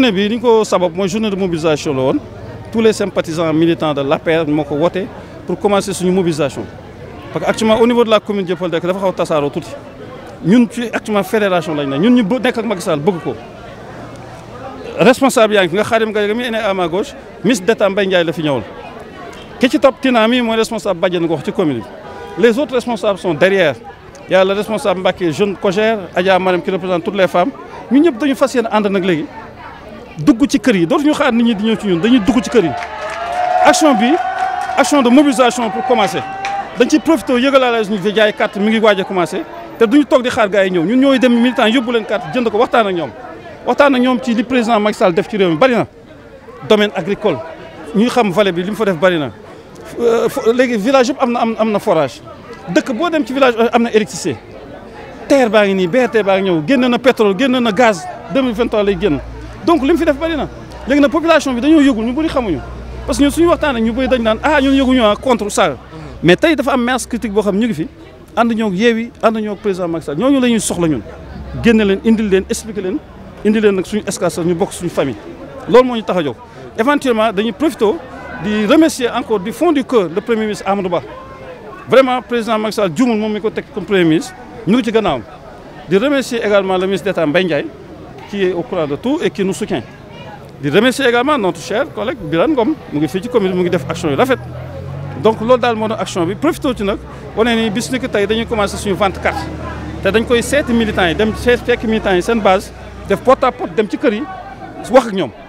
journée bi ni ko sabab moy journée de mobilisation la tous les sympathisants militants de l'APR moo ko pour commencer suñu mobilisation parce que actuellement au niveau de la commune de Derklé dafa xaw tassaro tout ñun ci actuellement fédération lañ ne ñun ñu nekk ak Macky Sall bëgg ko. responsable yaa ngi fi nga Khadim mi ene à ma gauche Miss d'État Mbaye Ndiaye la fi ñëwal ki ci top Tina mi mooy responsable Badiane wax ci commune les autres responsables sont derrière Il y a le responsable Mbacké jeune Cogère Adja Marème qui représente toutes les femmes ñun ñëpp dañu fas and nak nag dugg ci kër yi dootuñu xaar nit ñi di ñëw ci dañuy dugg ci kër yi bi action de mobilisation pour commencer dañ ciy profité yëgalaale suñu di jaay carte mi ngi waaj a commencé te duñu toog di xaar gars yi ñëw ñun ñooy dem militant yóbbu leen carte jënd ko waxtaan ak ñoom waxtaan ak ñoom ci li président Macky Sall def ci réew mi bari na domaine ñuy xam vale bi li mu fa def bari na euh, léegi village yëpp am na am na forage dëkk boo dem ci village am na électricité terre baa ngi nii baa ñëw génn na pétrole génn na gaz 2023 lay génn donc lim fi def bari na léegi nag population bi dañoo yëgul ñu bëri xamuñu parce que ñun suñu waxtaan ak ñu bëri dañ naan ah ñun yëguñu ah contre ça mais tay dafa am masse critique bo xam ñu ngi fi and ñoo yeewi and ñoo président Macky Sall ñoo la ñuy soxla ñun génne leen indil leen expliquer leen indil leen nak suñu escasse ñu bok suñu famille lool moo ñu tax éventuellement dañuy profito di remercier encore du fond du cœur le premier ministre Amadou Ba vraiment président Macky Sall djumul mom mi ko tek comme premier ministre ñu ngi ci gannaawam di remercier également le ministre d'État Mbaye Ndiaye qui est au courant de tout et qui nous soutient. Je remercie également notre cher collègue Bilan Gom, qui fait des actions. Donc, action. Donc, l'autre dans mon action, profitez-en. On a que nous avons commencé sur une vente Nous avons 7 militants, 7 militants, 7 bases, des porte à porte, des petits curry, c'est